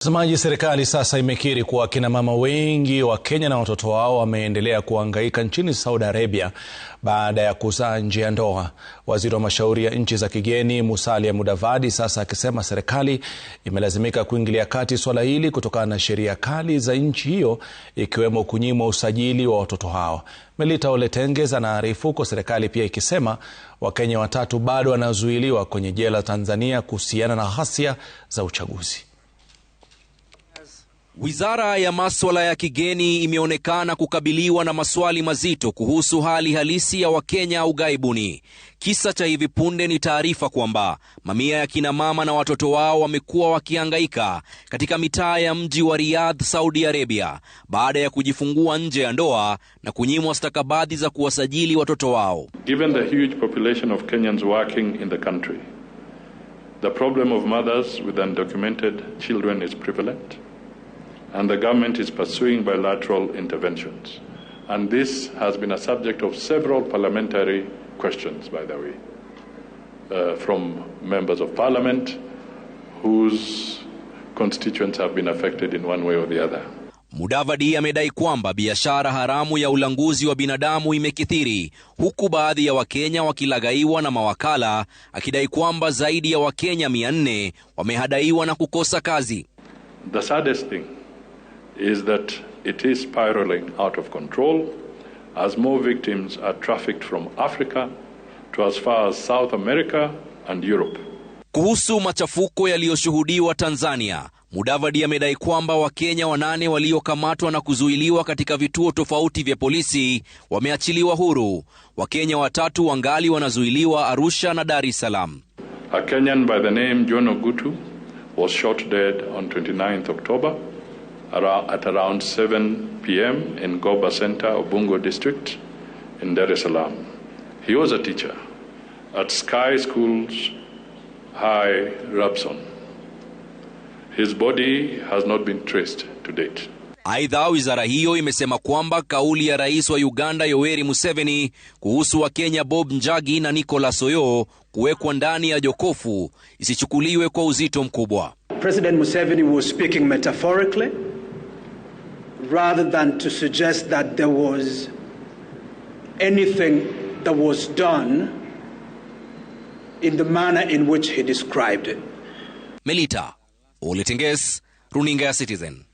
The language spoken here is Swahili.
Mtazamaji, serikali sasa imekiri kuwa kina mama wengi wa Kenya na watoto wao wameendelea kuhangaika nchini Saudi Arabia baada ya kuzaa nje ya ndoa. Waziri wa mashauri ya nchi za kigeni Musalia Mudavadi sasa akisema serikali imelazimika kuingilia kati swala hili kutokana na sheria kali za nchi hiyo ikiwemo kunyimwa usajili wa watoto hao. Melita Oletenges anaarifu huko serikali pia ikisema Wakenya watatu bado wanazuiliwa kwenye jela Tanzania kuhusiana na ghasia za uchaguzi. Wizara ya maswala ya kigeni imeonekana kukabiliwa na maswali mazito kuhusu hali halisi ya Wakenya ughaibuni. Kisa cha hivi punde ni taarifa kwamba mamia ya kina mama na watoto wao wamekuwa wakihangaika katika mitaa ya mji wa Riyadh, Saudi Arabia, baada ya kujifungua nje ya ndoa na kunyimwa stakabadhi za kuwasajili watoto wao. Given the huge population of Kenyans working in the country, the problem of mothers with undocumented children is prevalent and the government is pursuing bilateral interventions. And this has been a subject of several parliamentary questions, by the way, uh, from members of parliament whose constituents have been affected in one way or the other. Mudavadi amedai kwamba biashara haramu ya ulanguzi wa binadamu imekithiri huku baadhi ya Wakenya wakilagaiwa na mawakala, akidai kwamba zaidi ya Wakenya 400 wamehadaiwa na kukosa kazi. The saddest thing is that it is spiraling out of control as more victims are trafficked from Africa to as far as South America and Europe. Kuhusu machafuko yaliyoshuhudiwa Tanzania, Mudavadi amedai kwamba Wakenya wanane waliokamatwa na kuzuiliwa katika vituo tofauti vya polisi wameachiliwa huru. Wakenya watatu wangali wanazuiliwa Arusha na Dar es Salaam. A Kenyan by the name John Ogutu was shot dead on 29th October at around 7 p.m. in Goba Center, Ubungo District in Dar es Salaam. He was a teacher at Sky Schools High, Rabson. His body has not been traced to date. Aidha, wizara hiyo imesema kwamba kauli ya rais wa Uganda Yoweri Museveni kuhusu Wakenya Bob Njagi na Nicholas Oyo kuwekwa ndani ya jokofu isichukuliwe kwa uzito mkubwa. President Museveni was speaking metaphorically rather than to suggest that there was anything that was done in the manner in which he described it. Melita Oletinges, Runinga Citizen.